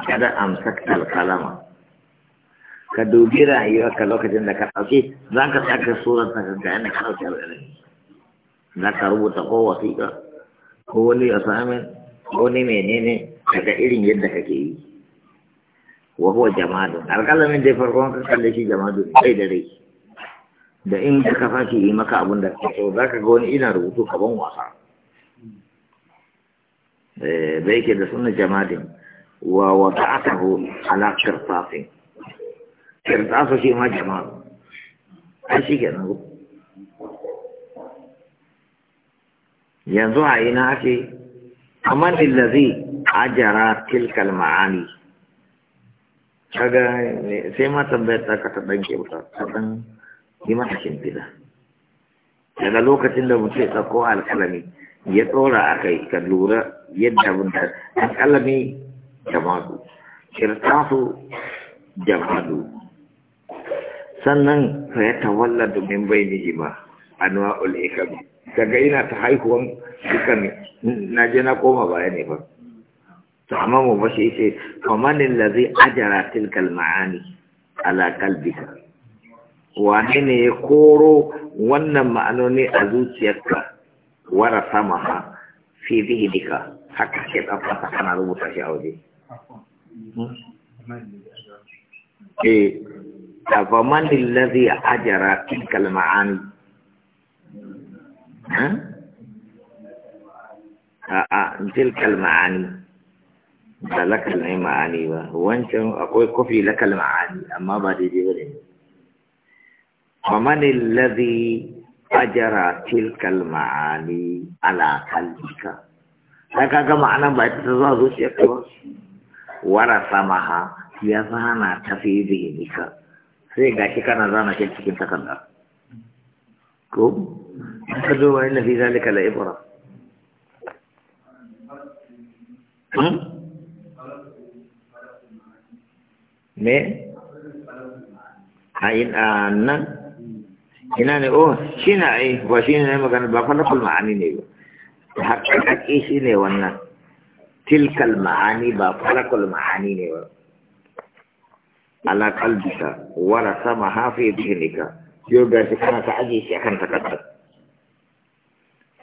kada amsakta al-kalama ka dubi rayuwarka lokacin da ka ɗauki za ka tsaka surar ta ga yana ka ɗauki alƙalami za ka rubuta ko wasiƙa ko wani assignment ko wani menene daga irin yadda kake yi wa huwa jama'a alƙalamin dai farkon ka kalle shi jama'a jama'adun sai da rai da in ka kafa yi maka abin da ka so za ka ga wani ina rubutu kaban wasa eh, bai ke da sunan jama'adun wa wata'atahu ala kirtasin kirtasu shi ma jama'a a shi ke nan yanzu a yi na ake amman lillazi ajara tilkal ma'ani kaga sai ma tambayar ta ka ta ɗan kyauta ta ɗan yi mata shimfida daga lokacin da mutum ya sako alƙalami ya tsora a kai ka lura yadda abin da alƙalami jamadu kirtasu jamadu sannan ya tawalla domin bai ni ba anwa ul'ikabi daga ina ta haihuwan dukkan na je na koma baya ne ba to amma mu ba shi ce famanin lazi ajara tilkal ma'ani ala kalbika Wani ne ya koro wannan ma'anoni a zuciyarka wara sama ha fi zihidika haka ke tsafata kana rubuta shi a waje eh afaman alladhi ajara tilka al-ma'ani ha a tilka al-ma'ani da lakal ne ma'ani ba wancan akwai kofi lakal ma'ani amma ba daidai ba ne faman alladhi ajara tilkal ma'ani ala qalbika sai kaga ma'anan ba ita ta zuwa zuciyarka ba Warasa maha ya zana ta fi zihnika sai ga shi kana zana shi cikin takarda ko ka zo wa inna fi zalika la ibra hmm? me a ina nan ina ne oh shi na ai ba shi ne magana ba falaful ma'ani ne ba haƙaƙaƙe shi ne wannan tilkal ma'ani ba farakul ma'ani ne ba ala kalbika wala sama hafi dhihnika yau ga shi kana ta aje shi akan takardar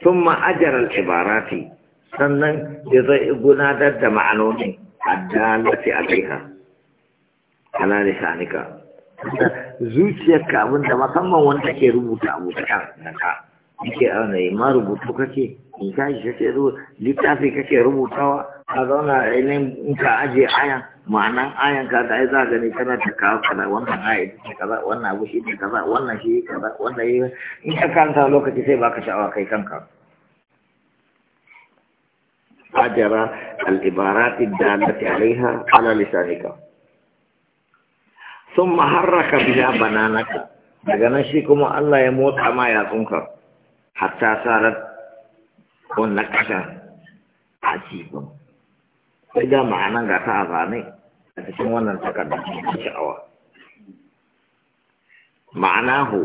thumma ajara al-ibarati sannan ya zai gudanar da ma'anoni addalati alaiha ala lisanika zuciyarka abinda musamman wanda ke rubuta abu ta yake a ah, yi ma rubutu kake in ka shi zo littafi kake rubutawa ka zauna ainihin in ka ajiye ayan ma'anan ayan ka da ai za gani kana ta kawo kaza wannan ayi ta kaza wannan abu shi ne kaza wannan shi kaza wannan yi in ka kanta lokaci sai baka sha'awa kai kanka ajara al-ibarat ad-dallati alaiha ala lisanika thumma harraka biha bananaka daga nan shi kuma Allah ya motsa ma yatsunka hatta sarar wannan ƙasa a cikin sai ga ma'anan ga ta a zane a cikin wannan takardar cikin sha'awa ma'anahu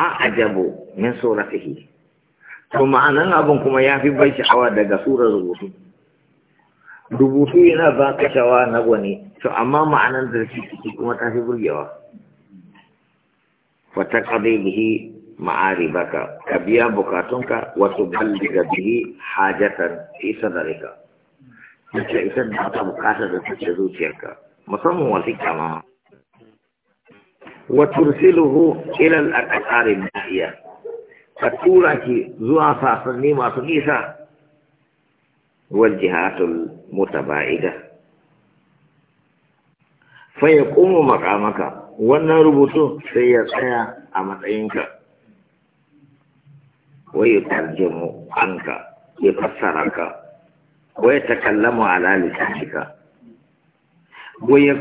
an ajabu min suratihi to ma'anan abin kuma ya fi bai sha'awa daga surar rubutu rubutu yana ba ka sha'awa na gwani to amma ma'anan da ciki kuma ta fi burgewa fata ƙadai bihi ma'aribaka ka biya bukatunka wato balliga bihi hajatan fi sadarika yace ita da ta bukata da take zuciyarka musamman wasika ma wa tursiluhu ilal al-aqari ma'iya ka tura ki zuwa sasanni masu nisa wal jihatul mutaba'ida fa yaqumu maqamaka wannan rubutu sai ya tsaya a matsayinka Wai ya tarzana hankali ya fassara ka? Wai ya takalla mu al'adar da ya cika?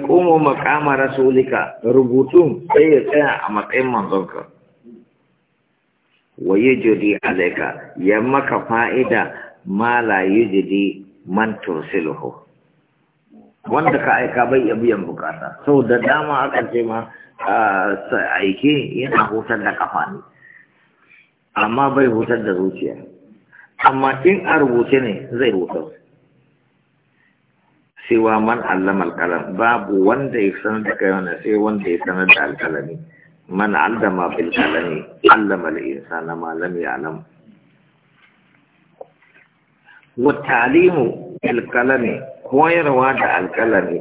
koma maƙaman rasuluka rubutun? Kai tsaya a matsayin mazan ka? Wai ya Ya maka fa'ida? Mala ya joji mantun silhu. Wanda ka aika bai da biyan bukata Sau da dama, a kan ce ma ah, sa aikin yana hutar da kafani amma bai hutar da zuciya amma in a rubuce ne zai hutar cewa man allama alkalam babu wanda ya sanar da kai wannan sai wanda ya sanar da alkalami man allama bil kalami allama da insana ma lam ya'lam wa ta'limu al kalami koyarwa da alkalami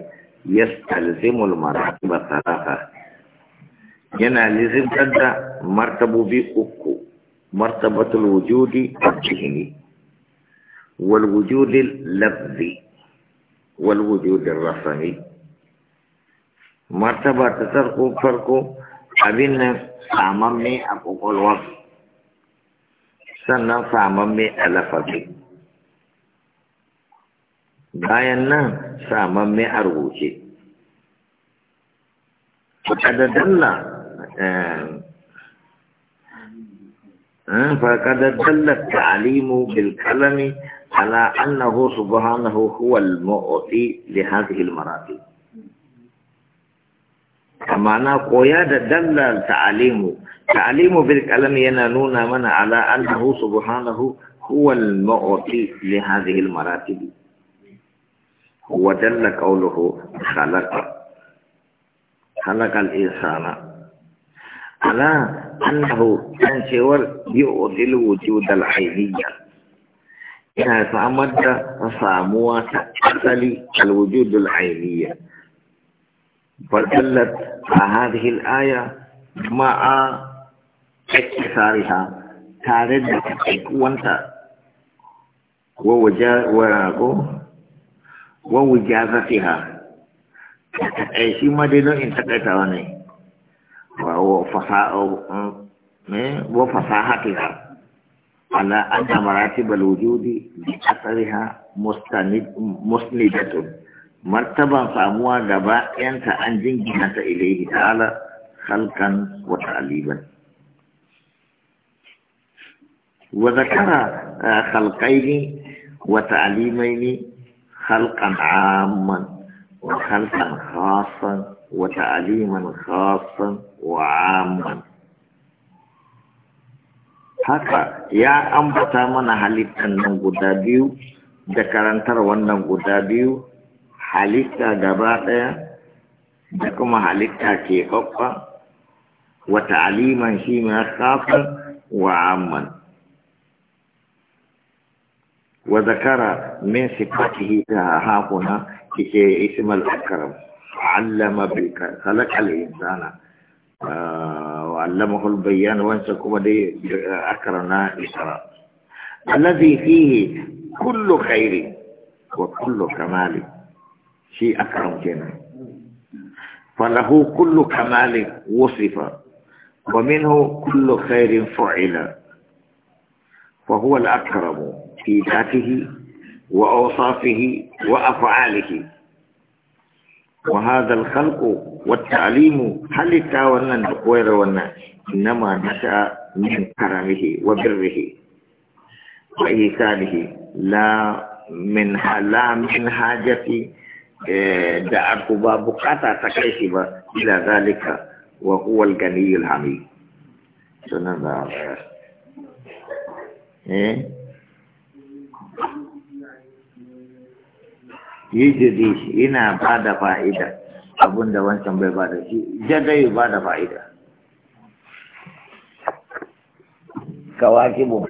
ya al maratib thalatha yana lizimtar da martabobi uku مرتبة الوجود الجهني والوجود اللفظي والوجود الرسمي مرتبة تتركو فرقو أبين ساممي أقوى الوقت سنة ساممي ألفظي bayan nan samamme a rubuce. Kada فقد دل التعليم بالكلم على أنه سبحانه هو المؤتي لهذه المراتب معنى قياد دل التعليم تعليم بالكلم ينالون من على أنه سبحانه هو المؤتي لهذه المراتب ودل قوله خلق خلق الإنسان على أنه تنشور يؤذي الوجود العيني إنها تعمد صاموة أصل الوجود العيني فدلت هذه الآية مع اكتسارها تارد تكونت ووجازتها أي شيء ما دينه إن تكتواني وهو فصاء وفصاحتها على أن مراتب الوجود بأثرها مستند مسندة مرتبة ساموها دباء أنت أنجن جنة إليه تعالى خلقا وتعليما وذكر خلقين وتعليمين خلقا عاما وخلقا خاصا وتعليما خاصا وعاما haka ya ambata mana halittan nan guda biyu da karantar wannan guda biyu halitta gaba ɗaya da kuma halitta ke kwakwa wata aliman shi mai kafin wa amman wa zakara min sifatihi ta hakuna kike ismal akram allama bil khalaq al insana ah, علمه البيان وانسكم دي أكرنا إسراء الذي فيه كل خير وكل كمال شيء أكرم جنا فله كل كمال وصف ومنه كل خير فعل فهو الأكرم في ذاته وأوصافه وأفعاله wa hadal khalqu wa ta'limu halika wannan da koyar wannan inma nata min karamihi wa birrihi la min hala eh, da aku ba bukata ta kai shi ba ila zalika wa huwa al yujudi ina ba da fa'ida abin da wancan bai ba da shi jadai ba da fa'ida kawaki bu